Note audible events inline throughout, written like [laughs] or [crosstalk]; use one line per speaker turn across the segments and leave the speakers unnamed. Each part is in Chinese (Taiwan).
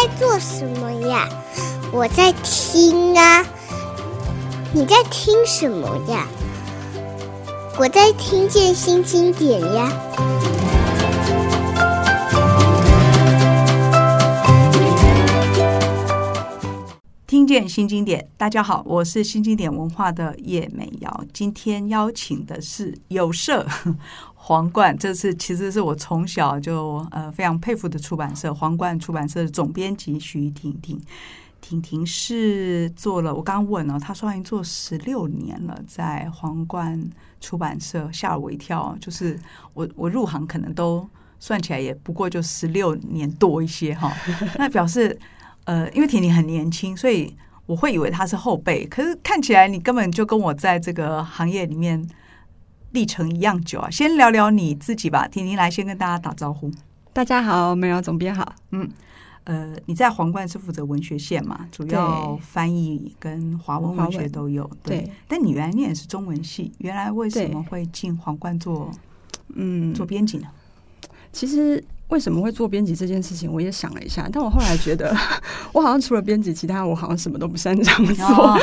你在做什麼呀？我在聽啊。你在聽什麼呀？我在聽見新經典呀。
見新經典，大家好，我是新經典文化的葉美瑤。今天邀請的是有社皇冠，這是其實是我從小就呃非常佩服的出版社——皇冠出版社的總編輯許婷婷，婷。婷婷是做了，我剛問了、哦，她說，已經做十六年了，在皇冠出版社，嚇了我一跳。就是我我入行可能都算起來也不過就十六年多一些哈，哦，那表示。 [laughs] 呃，因為婷婷很年輕，所以我會以為她是後輩。可是看起來你根本就跟我在這個行業裡面歷程一樣久啊！先聊聊你自己吧，婷婷來先跟大家打招呼。大家好，美瑤總編好。嗯，呃，你在皇冠是負責文學線嘛？主要翻譯跟華文文學都有。對，對，但你原來念的是中文系，原來為什麼
會進皇冠做嗯做編輯呢？其實。為什麼會做編輯這件事情？我也想了一下，但我後來覺得， [laughs] 我好像除了編輯，其他我好像什麼都不擅長做。Oh,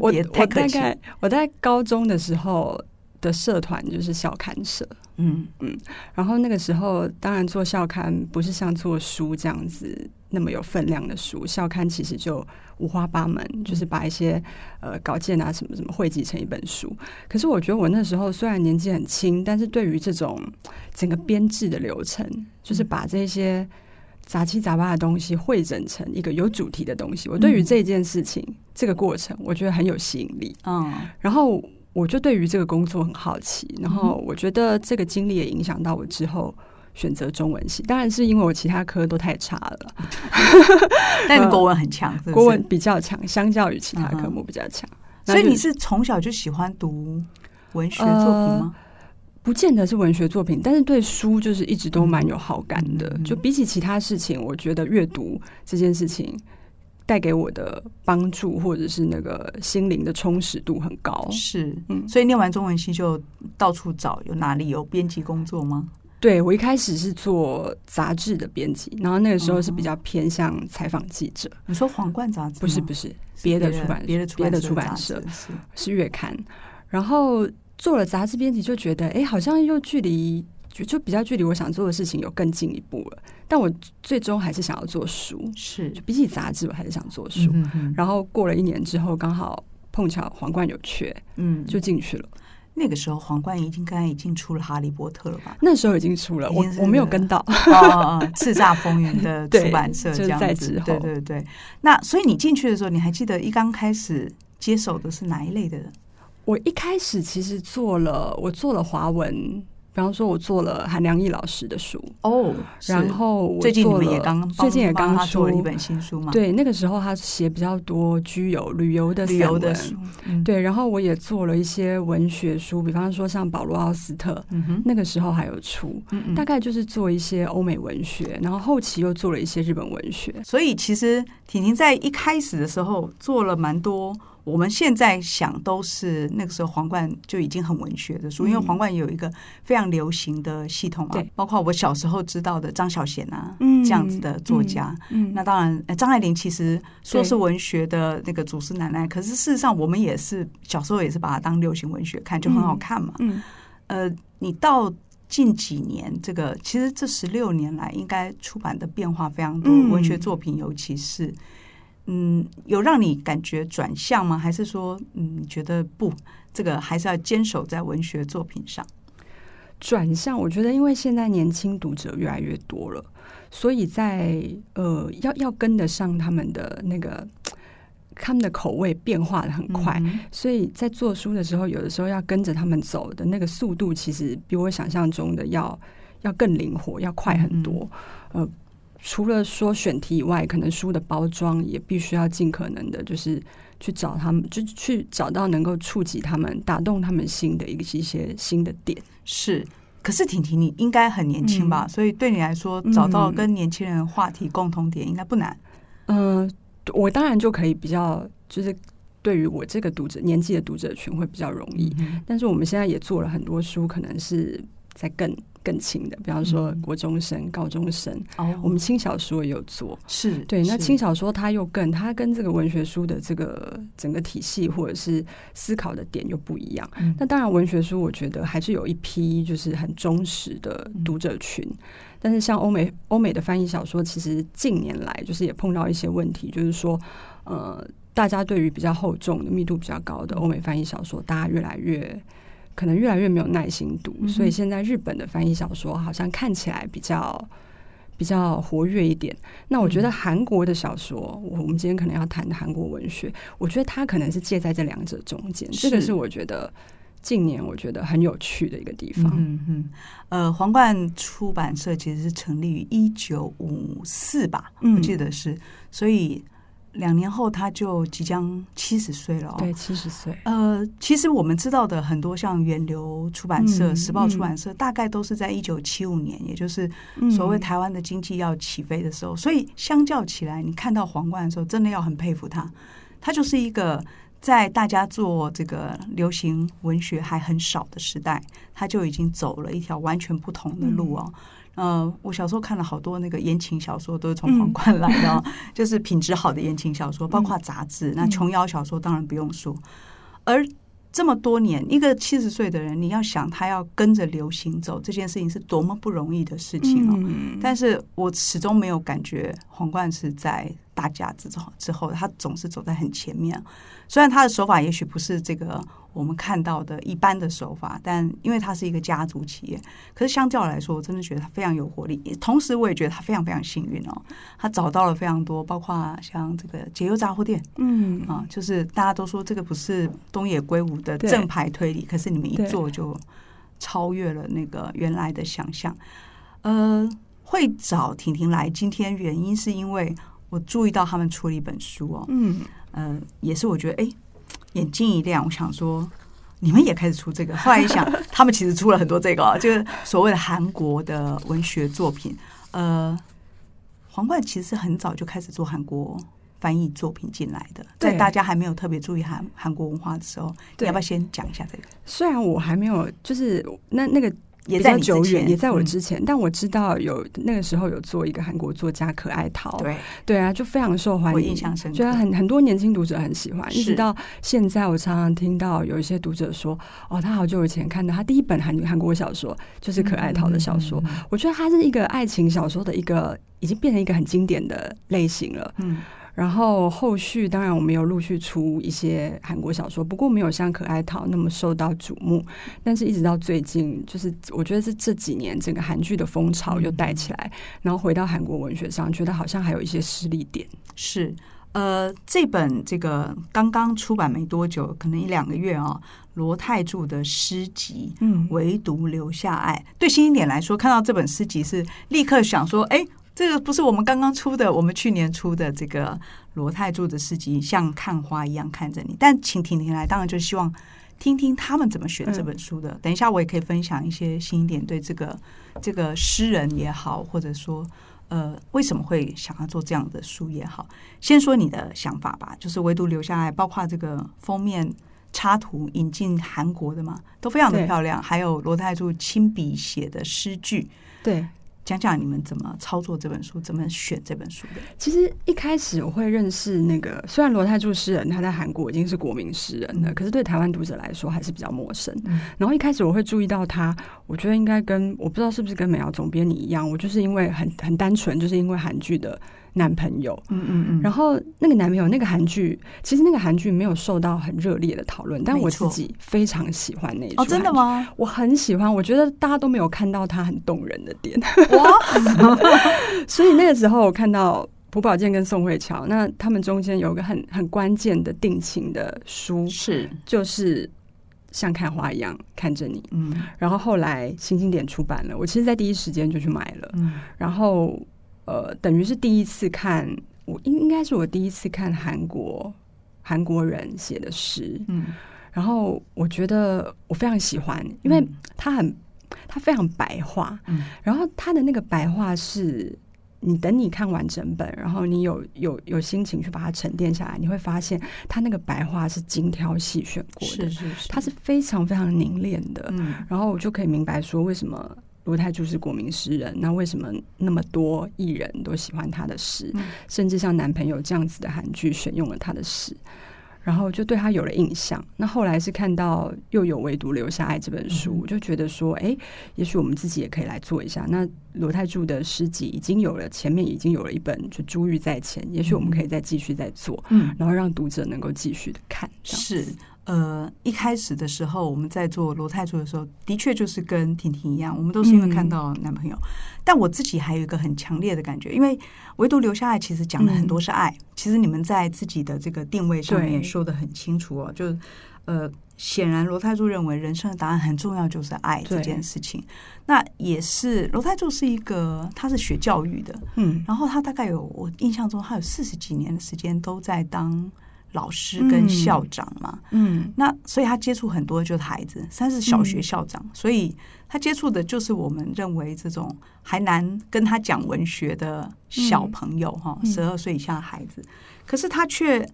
我也我大概我在高中的時候的社團就是校刊社。嗯嗯，然後那個時候，當然做校刊不是像做書這樣子那麼有分量的書，校刊其實就五花八門，嗯、就是把一些呃稿件啊什麼什麼匯集成一本書。可是我覺得我那時候雖然年紀很輕，但是對於這種整個編制的流程，嗯、就是把這些雜七雜八的東西匯整成一個有主題的東西，我對於這件事情、嗯、這個過程，我覺得很有吸引力。嗯，然後。我就對於這個工作很好奇，然後我覺得這個經歷也影響到我之後選擇中文系，當然是因為我其他科都太差了，
[laughs] 但你的國
文很強，嗯、是不是國文比較強，相較於其他科目比較強。Uh huh. 就所以你是
從小就喜歡讀文學作品
嗎？呃，不見得是文學作品，但是對書就是一直都蠻有好感的。就比起其他事情，我覺得閱讀這件事情。帶給我的幫助，或者是那個心靈的充實度很高，是，嗯、所以念完中文系就
到處找有哪裡有編輯工作嗎？
對，我一開始是做雜誌的編輯，然後那個時候是比較偏向採訪記者。你說、嗯嗯《皇冠》雜誌？不是，不是別的出版別的別的出版社是月刊。然後做了雜誌編輯，就覺得哎，好像又距離。就比較距離我想做的事情有更進一步了，但我最終還是想要做書，是就比起雜誌，我還是想做書。嗯嗯嗯然後過了一年之後，剛好碰巧皇冠有缺，嗯，就進去了。那個時候皇冠已經應該已經出了《哈利波特》了吧？那時候已經出了，我、這個、我沒有跟到
叱咤風雲的出版社，這樣子。 [laughs] 對,對,就在之後，對對對。那所以你進去的時候，你還記得
一剛開始接手的是哪一類的人？我一開始其實做了，我做了華文。比方說，我做了韓良毅老師的書哦，oh, 然後我最近你們也剛最近也剛出了一本新書嗎？對，那個時候他寫比較多居遊旅遊的旅遊的書，嗯、對，然後我也做了一些文學書，比方說像保羅奧斯特，嗯、哼那個時候還有出，嗯嗯大概就是做一些歐美文學，然後後期又做了一些日本文學，所以其實婷婷在一開始的時候做
了蠻多。我們現在想都是那個時候，皇冠就已經很文學的書，因為皇冠有一個非常流行的系統嘛。包括我小時候知道的張小嫻啊，這樣子的作家。那當然，張愛玲其實說是文學的那個祖師奶奶，可是事實上我們也是小時候也是把它當流行文學看，就很好看嘛。呃，你到近幾年，這個其實這十六年來應該出版的變化非常多，文學作品尤其是。嗯，有讓你感覺轉向嗎？還是說，嗯，覺得不，這個還是要堅守在文學作
品上。轉向，我覺得，因為現在年輕讀者越來越多了，所以在呃，要要跟得上他們的那個他們的口味變化的很快，嗯、所以在做書的時候，有的時候要跟着他們走的那個速度，其實比我想象中的要要更靈活，要快很多，嗯、呃。除了說選題以外，可能書的包裝也必須要盡可能的，就是去找他們，就去找到能夠觸及他們、打動他們心的一個一些新的點。是，可是婷婷，你應該很年輕吧？嗯、所以對你來說，找到跟年輕人的話題共同點應該不難。嗯、呃，我當然就可以比較，就是對於我這個讀者年紀的讀者群會比較容易。嗯、哼但是我們現在也做了很多書，可能是在更。更輕的，比方說國中生、高、嗯、中生，哦、我們輕小說也有做，是對。那輕小說它又更，它跟這個文學書的這個整個體系或者是思考的點又不一樣。那、嗯、當然，文學書我覺得還是有一批就是很忠實的讀者群，嗯、但是像歐美歐美的翻譯小說，其實近年來就是也碰到一些問題，就是說，呃，大家對於比較厚重、的密度比較高的歐美翻譯小說，嗯、大家越來越。可能越來越沒有耐心讀，嗯、哼所以現在日本的翻譯小說好像看起來比較比較活躍一點。那我覺得韓國的小說，嗯、我們今天可能要談的韓國文學，我覺得它可能是介在這兩者中間，是這個是我覺得近年我覺得很有趣的一個地方。嗯嗯，呃，皇冠出版社其實是成立於一九
五四吧，我記得是，嗯、所以。兩年後，他就即將七十歲了哦。對，七十歲。呃，其實我們知道的很多，像遠流出版社、嗯、時報出版社，嗯、大概都是在一九七五年，也就是所謂台灣的經濟要起飛的時候。嗯、所以，相較起來，你看到皇冠的時候，真的要很佩服他。他就是一個在大家做這個流行文學還很少的時代，他就已經走了一條完全不同的路哦。嗯嗯、呃，我小時候看了好多那個言情小說，都是從皇冠來的，嗯、就是品質好的言情小說，嗯、包括雜誌。嗯、那瓊瑤小說當然不用說，嗯、而這麼多年，一個七十歲的人，你要想他要跟着流行走這件事情，是多麼不容易的事情哦。嗯、但是，我始終沒有感覺皇冠是在大家之之後，之後他總是走在很前面。雖然他的手法也許不是這個。我們看到的一般的手法，但因為它是一個家族企業，可是相較來說，我真的覺得它非常有活力。同時，我也覺得它非常非常幸運哦，它找到了非常多，包括像這個解憂雜貨店，嗯啊，就是大家都說這個不是東野圭吾的正牌推理，對可是你們一做就超越了那個原來的想象。呃對，會找婷婷來今天原因是因為我注意到他們出了一本書哦，嗯、呃，也是我覺得、哎眼睛一亮，我想說，你們也開始出這個。後來一想， [laughs] 他們其實出了很多這個，就是所謂的韓國的文學作品。呃，皇冠其實很早就開始做韓國翻譯作品進來的，對在大家還沒有特別注意韓韓國文化的時候，對你要不要先講一下這個？
雖然我還沒有，就是那那個。也比較久遠，也在我之前，嗯、但我知道有那個時候有做一個韓國作家可愛淘，對，對啊，就非常受歡迎，我印象深刻，覺得很很多年輕讀者很喜歡。一是直到現在，我常常聽到有一些讀者說，哦，他好久以前看到他第一本韓韓國小說就是可愛淘的小說，嗯嗯嗯嗯，我覺得它是一個愛情小說的一個已經變成一個很經典的類型了。嗯。然後後續當然我們有陸續出一些韓國小說，不過沒有像可愛淘那麼受到矚目。但是，一直到最近，就是我覺得是這幾年整個韓劇的風潮又帶起來，嗯、然後回到韓國文學上，覺得好像還有一些施力點。是，呃，這本這個
剛剛出版沒多久，可能一兩個月啊、哦，羅泰柱的詩集，嗯，唯獨留下愛。嗯、對新經典來說，看到這本詩集是立刻想說，哎。這個不是我們剛剛出的，我們去年出的這個羅泰柱的詩集《像看花一樣看着你》，但請婷婷來，當然就希望聽聽他們怎麼選這本書的。嗯、等一下，我也可以分享一些新一點對這個這個詩人也好，或者說呃，為什麼會想要做這樣的書也好。先說你的想法吧，就是唯獨留下愛，包括這個封面插圖引進韓國的嘛，都非常的漂亮，對還有羅泰柱親筆寫的詩句，對。想想你們怎麼操作這本
書，怎麼選這本書的？其實一開始我會認識那個，雖然羅泰柱詩人他在韓國已經是國民詩人了，可是對台灣讀者來說還是比較陌生。嗯、然後一開始我會注意到他，我覺得應該跟我不知道是不是跟美瑤總編你一樣，我就是因為很很單純，就是因為韓劇的。男朋友，嗯嗯嗯，然後那個男朋友，那個韓劇，其實那個韓劇沒有受到很熱烈的討論，但我自己非常喜歡那一劇。哦，真的嗎？我很喜歡，我覺得大家都沒有看到他很動人的點，所以那個時候我看到朴寶劍跟宋慧喬，那他們中間有個很很關鍵的定情的書，是就是像看花一樣看着你，嗯，然後後來新經典出版了，我其實在第一時間就去買了，嗯，然後。呃，等於是第一次看，我應應該是我第一次看韓國韓國人寫的詩，嗯，然後我覺得我非常喜歡，因為他很，他，嗯，非常白話，嗯，然後他的那個白話是，你等你看完整本，然後你有有有心情去把它沉澱下來，你會發現他那個白話是精挑細選過的，是是是，他是非常非常凝練的，嗯，然後我就可以明白說為什麼。羅泰柱是國民詩人，那為什麼那麼多藝人都喜歡他的詩？嗯、甚至像男朋友這樣子的韓劇選用了他的詩，然後就對他有了印象。那後來是看到又有《唯獨留下愛》這本書，嗯、就覺得說，哎、欸，也許我們自己也可以來做一下。那羅泰柱的詩集已經有了，前面已經有了一本，就《珠玉在前》，嗯、也許我們可以再繼續再做，嗯、然後讓讀者能夠繼續的看。是。
呃，一開始的時候，我們在做羅泰柱的時候，的確就是跟婷婷一樣，我們都是因為看到男朋友。嗯、但我自己還有一個很強烈的感覺，因為唯獨留下愛其實講了很多是愛。嗯、其實你們在自己的這個定位上面說得很清楚哦，對就是呃，顯然羅泰柱認為人生的答案很重要，就是愛這件事情。對那也是羅泰柱是一個，他是學教育的，嗯，然後他大概有我印象中，他有四十幾年的時間都在當。老師跟校長嘛，嗯，嗯，那所以他接觸很多就是孩子，三是小學校長，嗯，所以他接觸的就是我們認為這種還難跟他講文學的小朋友哈，十二歲以下的孩子，嗯，可是他卻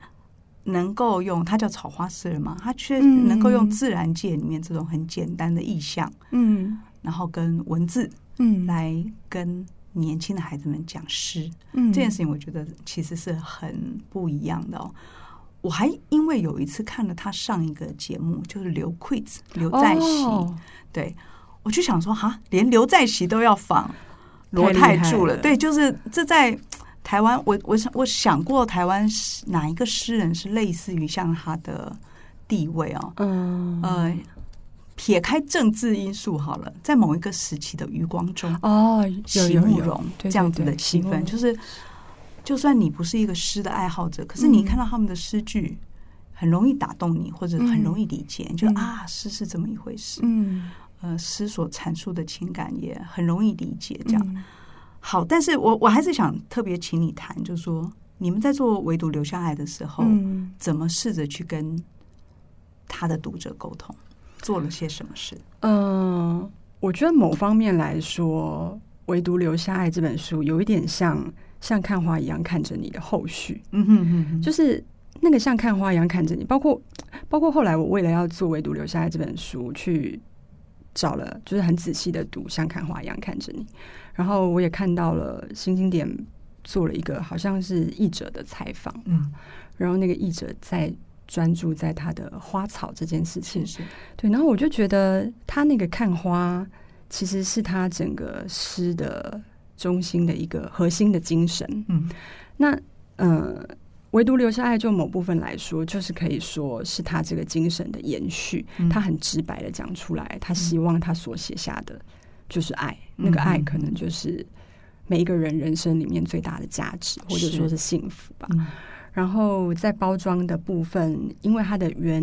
能夠用他叫草花詩人嘛，他卻能夠用自然界裡面這種很簡單的意象，嗯，然後跟文字，嗯，來跟年輕的孩子們講詩，嗯，這件事情我覺得其實是很不一樣的哦。我還因為有一次看了他上一個節目，就是劉 Quiz 劉在錫。oh. 對，我就想說哈，連劉在錫都要訪羅泰柱了。了，對，就是這在台灣，我我我想過台灣哪一個詩人是類似於像他的地位哦。嗯、um. 呃，撇開政治因素好了，在某一個時期的余光中
哦、席慕蓉這樣子的氣氛就
是。就算你不是一個詩的愛好者，可是你看到他們的詩句，很容易打動你，嗯、或者很容易理解，你就啊，詩是這麼一回事。嗯，呃，詩所闡述的情感也很容易理解。這樣、嗯、好，但是我我還是想特別請你談，就是說你們在做《唯獨留下愛》的時候，嗯、怎麼試着去跟他的讀者溝通，做了些什麼事？
嗯、呃，我覺得某方面來說，《唯獨留下愛》這本書有一點像。像看花一樣看着你的後續，嗯哼哼，就是那個像看花一樣看着你，包括包括後來我為了要做唯獨留下愛這本書，去找了，就是很仔細的讀像看花一樣看着你，然後我也看到了新經典做了一個好像是譯者的採訪，嗯，然後那個譯者在專注在他的花草這件事情，對，然後我就覺得他那個看花其實是他整個詩的。中心的一個核心的精神，嗯，那呃，唯獨留下愛，就某部分來說，就是可以說是他這個精神的延續。嗯、他很直白的講出來，他希望他所寫下的就是愛，嗯、那個愛可能就是每一個人人生裡面最大的價值，或者說是幸福吧。嗯、然後在包裝的部分，因為它的原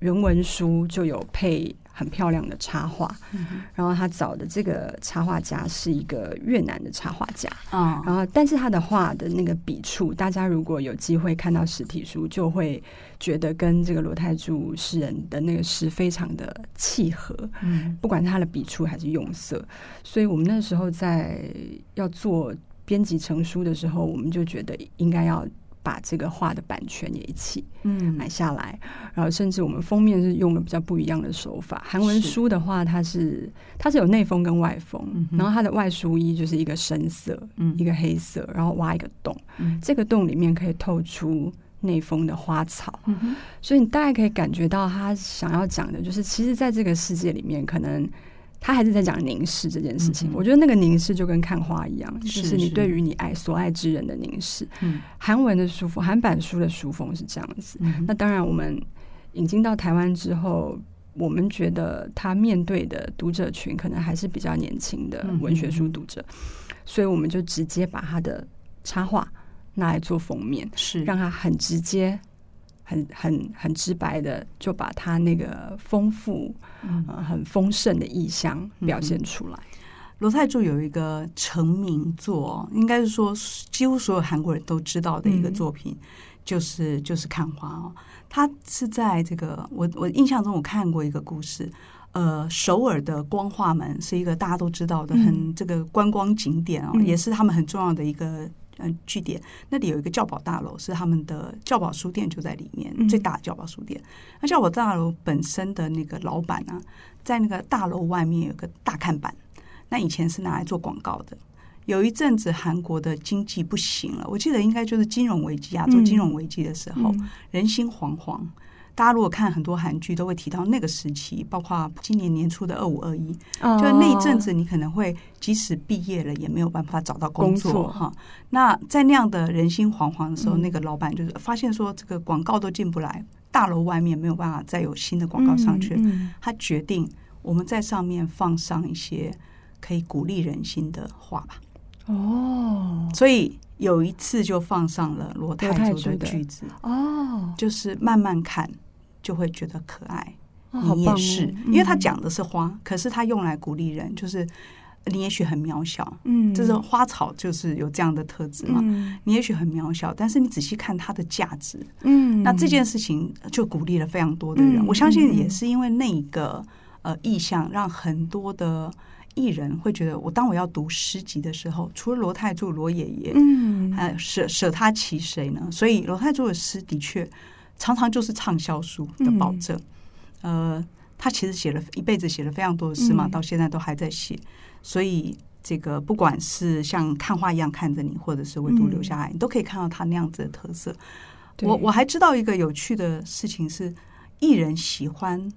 人文書就有配很漂亮的插畫，嗯，然後他找的這個插畫家是一個越南的插畫家啊，哦，然後但是他的畫的那個筆觸，大家如果有機會看到實體書，就會覺得跟這個羅泰柱詩人的那個詩非常的契合，嗯，不管他的筆觸還是用色，所以我們那時候在要做編輯成書的時候，我們就覺得應該要。把這個畫的版權也一起買下來，嗯、然後甚至我們封面是用了比較不一樣的手法。韓文書的話，它是，是它是有內封跟外封，嗯、哼然後它的外書衣就是一個深色，嗯、一個黑色，然後挖一個洞，嗯、這個洞裡面可以透出內封的花草，嗯、哼所以你大概可以感覺到他想要講的就是，其實在這個世界裡面，可能。他還是在講凝視這件事情，嗯、哼我覺得那個凝視就跟看花一樣，是是就是你對於你愛所愛之人的凝視。韓、嗯、文的書風，韓版書的書風是這樣子。嗯、哼那當然，我們引進到台灣之後，我們覺得他面對的讀者群可能還是比較年輕的文學書讀者，嗯、哼所以我們就直接把他的插畫拿來做封面，是讓他很直接。很很很直白的，就把他那個豐富、嗯呃、很豐盛的意象表現出來。羅泰柱有一個成名作，
應該是說幾乎所有韓國人都知道的一個作品，就是、嗯、就是、就是《看花》哦。他是在這個我我印象中我看過一個故事，呃，首爾的光化門是一個大家都知道的很這個觀光景點哦，嗯、也是他們很重要的一個。嗯，據點那裡有一個教保大樓，是他們的教保書店就在裡面，最大的教保書店。那、嗯、教保大樓本身的那個老闆啊，在那個大樓外面有個大看板，那以前是拿來做廣告的。有一陣子韓國的經濟不行了，我記得應該就是金融危機啊，做金融危機的時候，嗯嗯、人心惶惶。大家如果看很多韓劇，都會提到那個時期，包括今年年初的二五二一，就那一陣子，你可能會即使畢業了，也沒有辦法找到工作哈工作、哦。那在那樣的人心惶惶的時候，嗯、那個老板就是發現說，這個廣告都進不來，大樓外面沒有辦法再有新的廣告上去，嗯、他決定我們在上面放上一些可以鼓勵人心的話吧。哦，所以有一次就放上了羅泰柱的句子的哦，就是慢慢看。就會覺得可愛，
你也是，因為他講
的是花，可是他用來鼓勵人，就是你也許很渺小，嗯，就是花草就是有這樣的特質嘛，你也許很渺小，但是你仔細看它的價值，嗯，那這件事情就鼓勵了非常多的人。我相信也是因為那個呃意象，讓很多的藝人會覺得，我當我要讀詩集的時候，除了羅泰柱、羅爺爺，嗯，還舍舍他其誰呢？所以羅泰柱的詩的確。常常就是暢銷書的保證。嗯、呃，他其實寫了一輩子，寫了非常多的詩嘛，嗯、到現在都還在寫。所以這個不管是像《看花一樣看着你》，或者是《唯獨留下愛》，嗯，你都可以看到他那樣子的特色。對我我還知道一個有趣的事情是，藝人喜歡。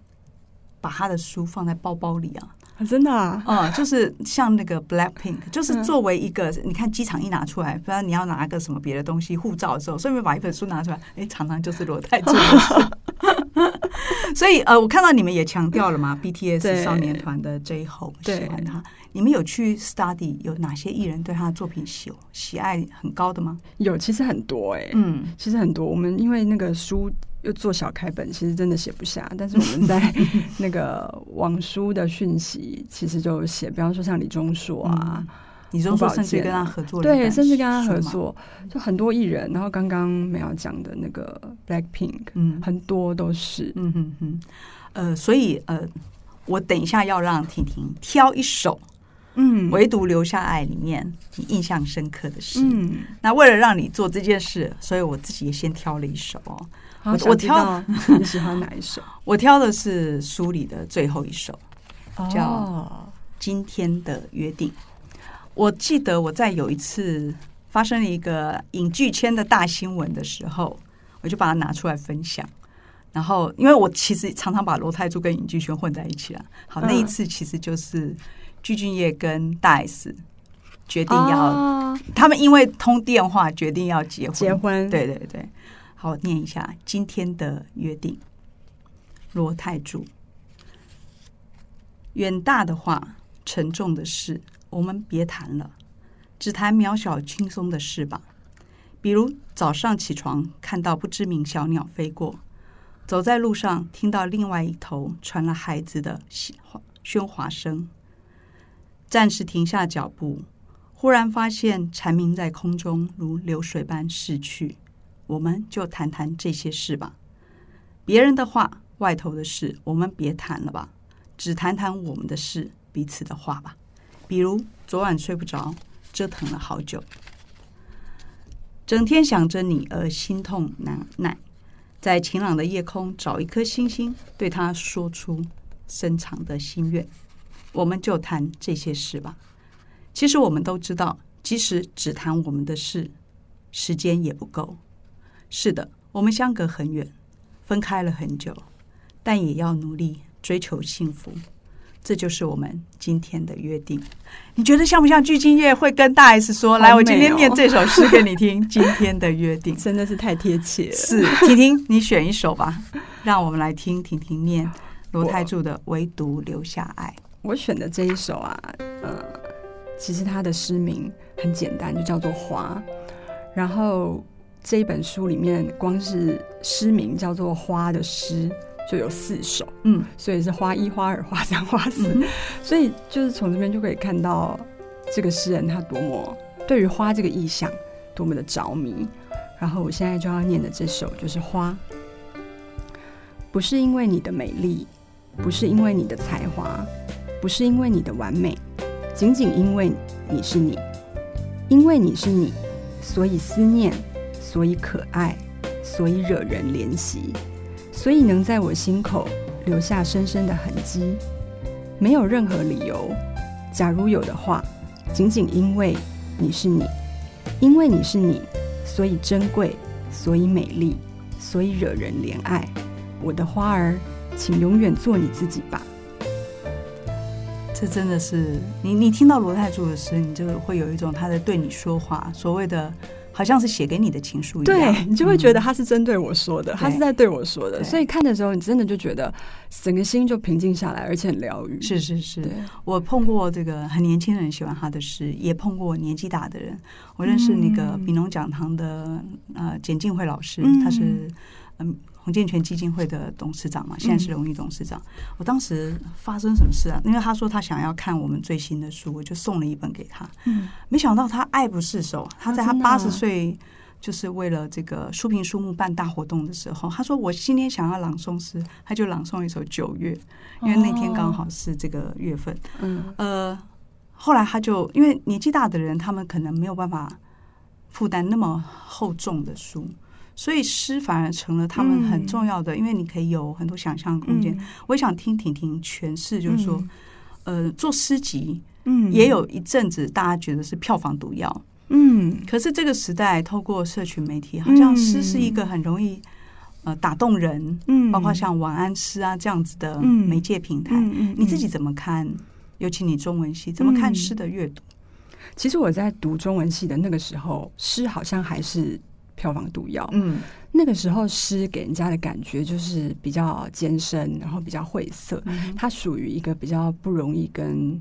把他的書放在包包裡啊，真的啊、嗯，就是像那個 Black Pink，就是作為一個，嗯、你看機場一拿出來，不然你要拿個什麼別的東西護之，護照的時候，順便把一本書拿出來，哎、欸，常常就是羅泰柱的。 [laughs] [laughs] 所以呃，我看到你們也強調了嘛，BTS 少年團的 J Hope 喜歡他，對你們有去 study 有哪些藝人對他的作品喜
喜愛很高的嗎？有，其實很多、欸、嗯，其實很多，我們因為那個書。又做小開本，其實真的寫不下。 [laughs] 但是我們在那個網書的訊息，其實就寫， [laughs] 比方說像李鍾碩啊，嗯、啊李鍾碩甚至跟他合作，對，甚至跟他合作，嗯、就很多藝人。然後剛剛沒有講的那個 BLACKPINK，嗯，很多都是，嗯嗯嗯，呃，所以呃，我等一下要
讓婷婷挑一首。嗯，唯獨留下愛裡面你印象深刻的事，嗯，那為了讓你做這件事，所以我自己也先挑了一首哦好，我挑你喜歡哪一首？我， [laughs] 我挑的是書裡的最後一首，
叫
《今天的約定》。Oh. 我記得我在有一次發生了一個影劇圈的大新聞的時候，我就把它拿出來分享。然後，因為我其實常常把羅泰柱跟影劇圈混在一起了，啊。好，那一次其實就是。具俊曄跟大 S 決定要，oh, 他們因為通電話決定要結婚。結婚，對對對。好，念一下今天的約定。羅泰柱，遠大的話，沉重的事，我們別談了，只談渺小輕鬆的事吧。比如早上起床看到不知名小鳥飛過，走在路上聽到另外一頭傳來孩子的喧喧嘩聲。暫時停下腳步，忽然發現蟬鳴在空中如流水般逝去。我們就談談這些事吧。別人的話，外頭的事，我們別談了吧。只談談我們的事，彼此的話吧。比如昨晚睡不着，折騰了好久，整天想着你而心痛難耐，在晴朗的夜空找一顆星星，對他說出深長的心願。我們就談這些事吧。其實我們都知道，即使只談我們的事，時間也不夠。是的，我們相隔很遠，分開了很久，但也要努力追求幸福。這就是我們今天的約定。你覺得像不像？具俊曄會跟大 S 說：“ 哦、 來，我今天念這首詩給你聽。” [laughs] 今天的約定真的是太貼切了。是婷婷，你選一首吧，讓我們來聽婷婷念羅泰柱的《唯獨留下愛》。
我選的這一首啊，嗯、呃，其實它的詩名很簡單，就叫做《花》。然後這一本書裡面，光是詩名叫做《花》的詩就有四首，嗯，所以是花一、花二、花三、花四。嗯、 [laughs] 所以就是從這邊就可以看到這個詩人他多麼對於花這個意象多麼的着迷。然後我現在就要念的這首就是《花》，不是因為你的美麗，不是因為你的才華，不是因為你的完美，僅僅因為你是你，因為你是你，所以思念，所以可愛，所以惹人憐惜，所以能在我心口留下深深的痕跡。沒有任何理由，假如有的話，僅僅因為你是你，因為你是你，所以珍貴，所以美麗，所以惹人憐愛。我的花兒，請永遠做你自己吧。
這真的是你，你聽到羅泰柱的詩，你就會有一種他在對你說話，所謂的，好像是寫給你的情書一樣。對，你就會覺得他
是針對我說的，嗯、他是在對我說的。對所以看的時候，你真的就覺得整個心就平靜下來，而且很療癒。是是是，對我碰過這個很年輕人喜歡他的詩，也碰過年紀大的人。我認識那個
比農講堂的、嗯、呃簡靜惠老師，嗯、他是嗯。呃洪建全基金會的董事長嘛，現在是榮譽董事長。嗯、我當時發生什麼事啊？因為他說他想要看我們最新的書，我就送了一本給他。嗯，沒想到他愛不釋手。他在他八十歲，就是為了這個書評書目辦大活動的時候，啊、他說我今天想要朗誦詩，他就朗誦一首《九月》，因為那天剛好是這個月份。啊、嗯，呃，後來他就因為年紀大的人，他們可能沒有辦法負擔那麼厚重的書。所以詩反而成了他們很重要的，嗯、因為你可以有很多想象空間。嗯、我想聽婷婷詮釋，就是說，嗯、呃，做詩集，
嗯，也有
一陣子大家覺得是票房毒藥，嗯，可是這個時代透過社群媒體，好像詩是一個很容易呃打動人，嗯，包括像晚安詩啊這樣子的媒介平台，嗯嗯嗯、你自己怎麼看？
尤其你中文系怎麼看詩的閱讀、嗯？其實我在讀中文系的那個時候，詩好像還是。票房毒藥。嗯，那個時候詩給人家的感覺就是比較艱深，然後比較晦澀，嗯哼，它屬於一個比較不容易跟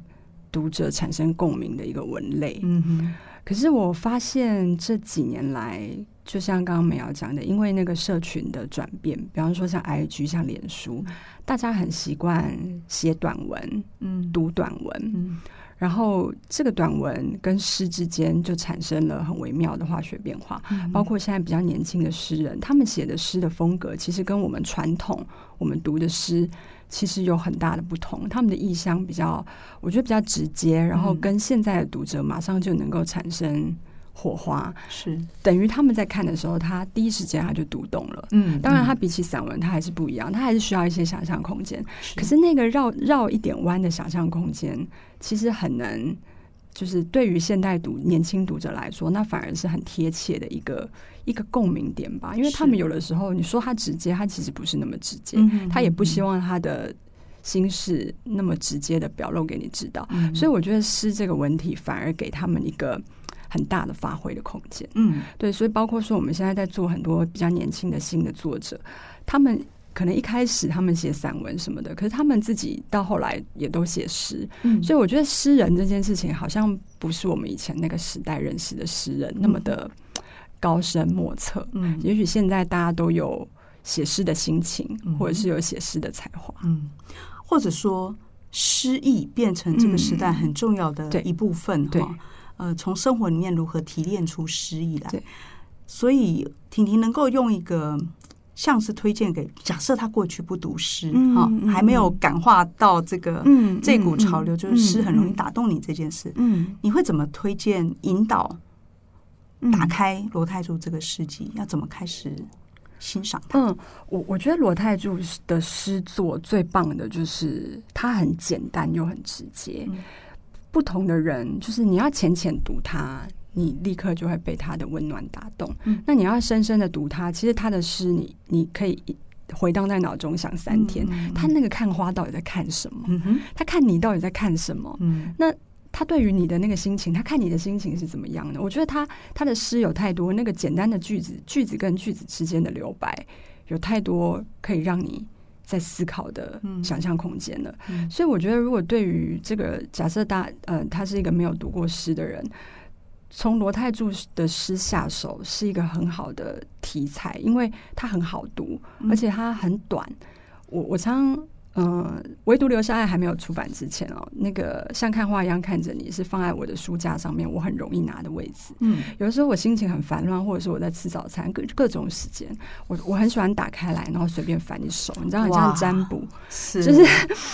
讀者產生共鳴的一個文類。嗯哼，可是我發現這幾年來，就像剛剛美瑤講的，因為那個社群的轉變，比方說像 IG、像臉書，嗯，大家很習慣寫短文，嗯，讀短文，嗯嗯然後，這個短文跟詩之間就產生了很微妙的化學變化，嗯嗯。包括現在比較年輕的詩人，他們寫的詩的風格其實跟我們傳統我們讀的詩其實有很大的不同，他們的意象比較，我覺得比較直接，然後跟現在的讀者馬上就能夠產生。火花，是等於他們在看的時候，他第一時間他就讀懂了。嗯，當然他比起散文，嗯、他還是不一樣，他還是需要一些想象空間。是可是那個繞繞一點彎的想象空間，其實很難。就是對於現代讀年輕讀者來說，那反而是很貼切的一個一個共鳴點吧。因為他們有的時候，是你說他直接，他其實不是那麼直接，嗯、他也不希望他的心事那麼直接的表露給你知道。嗯、所以我覺得詩這個文體反而給他們一個。很大的發揮的空間，嗯，對，所以包括說我們現在在做很多比較年輕的新的作者，他們可能一開始他們寫散文什麼的，可是他們自己到後來也都寫詩，嗯，所以我覺得詩人這件事情好像不是我們以前那個時代認識的詩人那麼的高深莫測，嗯，也許現在大家都有寫詩的心情，嗯，或者是有寫詩的才華，嗯，
或者說詩意變成這個時代很重要的一部分，嗯，對。對呃，從生活裡面如何提煉出詩意來？對所以婷婷能夠用一個像是推薦給，假設他過去不讀詩，哈，還沒有感化到這個，嗯、這股潮流，嗯、就是詩很容易打動你這件事，嗯、你會怎麼推薦、引導，
打開羅泰柱這個詩集？嗯、要怎麼開始欣賞他、嗯？我我覺得羅泰柱的詩作最棒的就是他很簡單又很直接。嗯不同的人，就是你要淺淺讀他，你立刻就會被他的溫暖打動。嗯、那你要深深的讀他，其實他的詩你，你你可以回盪在腦中想三天。嗯嗯、他那個看花到底在看什麼？嗯、哼他看你到底在看什麼？嗯、那他對於你的那個心情，他看你的心情是怎麼樣的？我覺得他他的詩有太多那個簡單的句子，句子跟句子之間的留白，有太多可以讓你。在思考的想象空間的、嗯嗯、所以我覺得，如果對於這個假設大呃，他是一個沒有讀過詩的人，從羅泰柱的詩下手是一個很好的題材，因為它很好讀，而且它很短。嗯、我我常常。嗯、呃，唯獨《留下愛》還沒有出版之前哦，那個像看花一樣看着你是放在我的書架上面，我很容易拿的位置。嗯，有的時候我心情很煩亂，或者是我在吃早餐，各各種時間，我我很喜歡打開來，然後隨便翻一首，你知道，像是占卜，是就是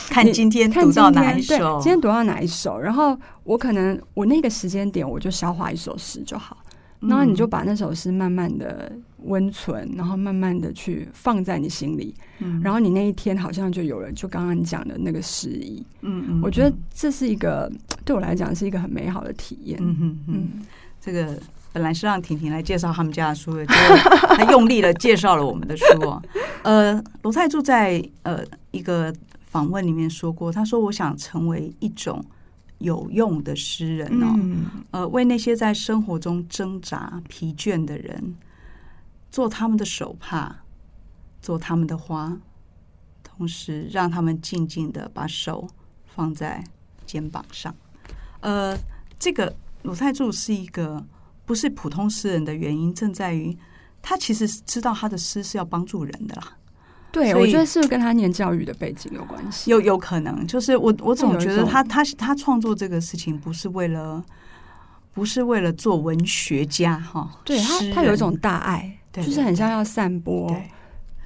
看今天讀到哪一首今，今天讀到哪一首，然後我可能我那個時間點我就消化一首詩就好，然後你就把那首詩慢慢的。嗯溫存，然後慢慢的去放在你心裡，嗯、然後你那一天好像就有了，就剛剛你講的那個詩意。嗯嗯，嗯我覺得這是一個對我來講是一個很美好的體驗。嗯嗯，嗯這個本來是讓婷婷來介紹他們家的書的，結果
他用力的介紹了我們的書，哦。 [laughs] 呃，羅泰柱在呃一個訪問裡面說過，他說：“我想成為一種有用的詩人哦，嗯、呃，為那些在生活中掙扎疲，疲倦的人。”做他們的手帕，做他們的花，同時讓他們靜靜的把手放在肩膀上。呃，這個羅泰柱是一個不是普通詩人的原因，正在於他其實知道他的詩是要幫助人的啦。
對，所以，我覺得是不是跟他念教育的背景有關係？有有可能。就是我我總覺得他
他他創作這個事情不是為了，不是為了做文學家哈。對他，他有一種大愛。就是很像要散播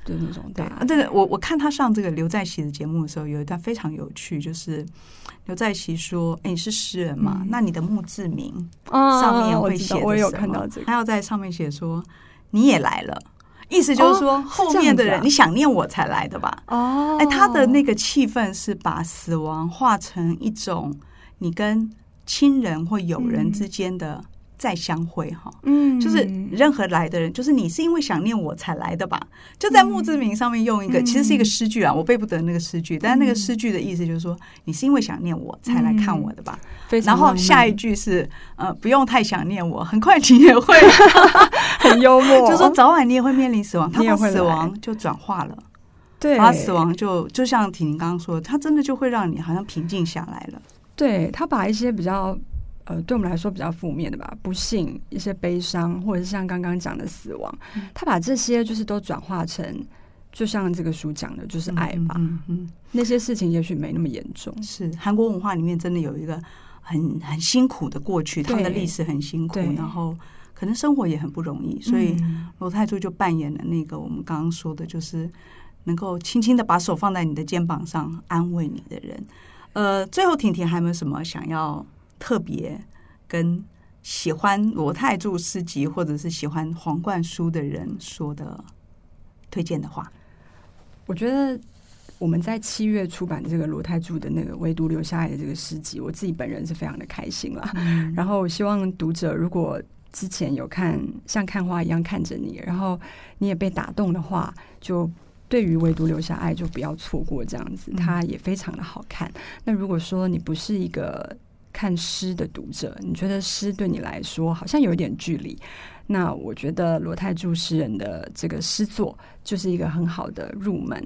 的那種，對，對，對。對我我看他上這個劉在錫的節目的時候，有一段非常有趣，就是劉在錫說、欸：“你是詩人嘛？嗯、那你的墓誌銘上面會寫、哦，我，我也有看到這個，他要在上面寫說你也來了，
意思就是說、哦是啊、後面的人你
想念我才來的吧？哦，哎、欸，他的那個氣氛是把死亡化成一種你跟親人或友人之間的。”再相會哈，嗯，就是任何來的人，就是你是因為想念我才來的吧？就在墓誌銘上面用一個，嗯、其實是一個詩句啊，我背不得那個詩句，嗯、但是那個詩句的意思就是說，你是因為想念我才來看我的吧？嗯、然後下一句是，呃，不用太想念我，很快你也會 [laughs] 很幽默， [laughs] 就說早晚你也會面臨死亡，他把死亡就轉化了，對，他死亡就就像婷婷剛剛說的，他真的就會讓你好像平靜下來
了，對他把一些比較。呃，對我們來說比較負面的吧，不幸、一些悲傷，或者是像剛剛講的死亡，嗯、他把這些就是都轉化成，就像這個書講的，就是愛吧。嗯，嗯，嗯那些事情也許沒那麼嚴重。是，韓國文化裡面真的有一個很很辛苦的過去，對他們的歷史很辛苦，對然後
可能生活也很不容易，所以羅泰柱就扮演了那個我們剛剛說的，就是能夠輕輕的把手放在你的肩膀上安慰你的人。呃，最後婷婷還有沒有什麼想要？特別跟喜歡羅泰柱詩集，或者是喜歡皇冠書的人說的推薦的話，
我覺得我們在七月出版這個羅泰柱的那個《唯獨留下愛》的這個詩集，我自己本人是非常的開心了。然後我希望讀者如果之前有看像看花一樣看着你，然後你也被打動的話，就對於唯獨留下愛就不要錯過這樣子，它也非常的好看。那如果說你不是一個看詩的讀者，你覺得詩對你來說好像有一點距離？那我覺得羅泰柱詩人的這個詩作就是一個很好的入門，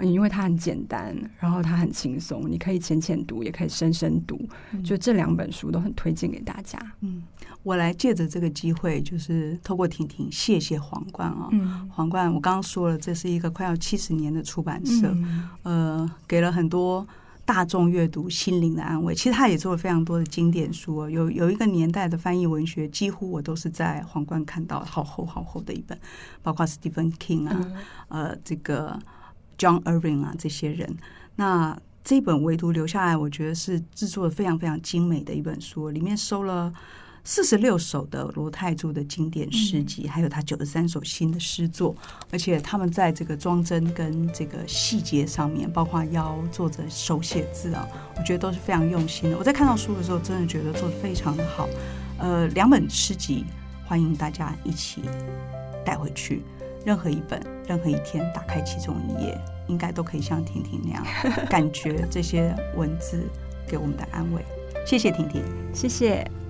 因為它很簡單，然後它很輕鬆，你可以淺淺讀，也可以深深讀，就這兩本書都很推薦給大家。嗯，我來借着這個機
會，就是透過婷婷謝謝皇冠啊、哦，嗯、皇冠，我剛剛說了，這是一個快要七十年的出版社，嗯、呃，給了很多。大眾閱讀心靈的安慰，其實他也做了非常多的經典書、哦，有有一個年代的翻譯文學，幾乎我都是在皇冠看到好，好厚好厚的一本，包括 Stephen King 啊，嗯、呃，這個 John Irving 啊這些人，那這本唯獨留下愛，我覺得是制作的非常非常精美的一本書，裡面收了。四十六首的羅泰柱的經典詩集，嗯、還有他九十三首新的詩作，而且他們在這個裝幀跟這個細節上面，包括要作者手寫字啊，我覺得都是非常用心的。我在看到書的時候，真的覺得做的非常的好。呃，兩本詩集，歡迎大家一起帶回去。任何一本，任何一天打開其中一頁，應該都可以像婷婷那樣， [laughs] 感覺這些文字給我們的安慰。謝謝婷婷，謝謝。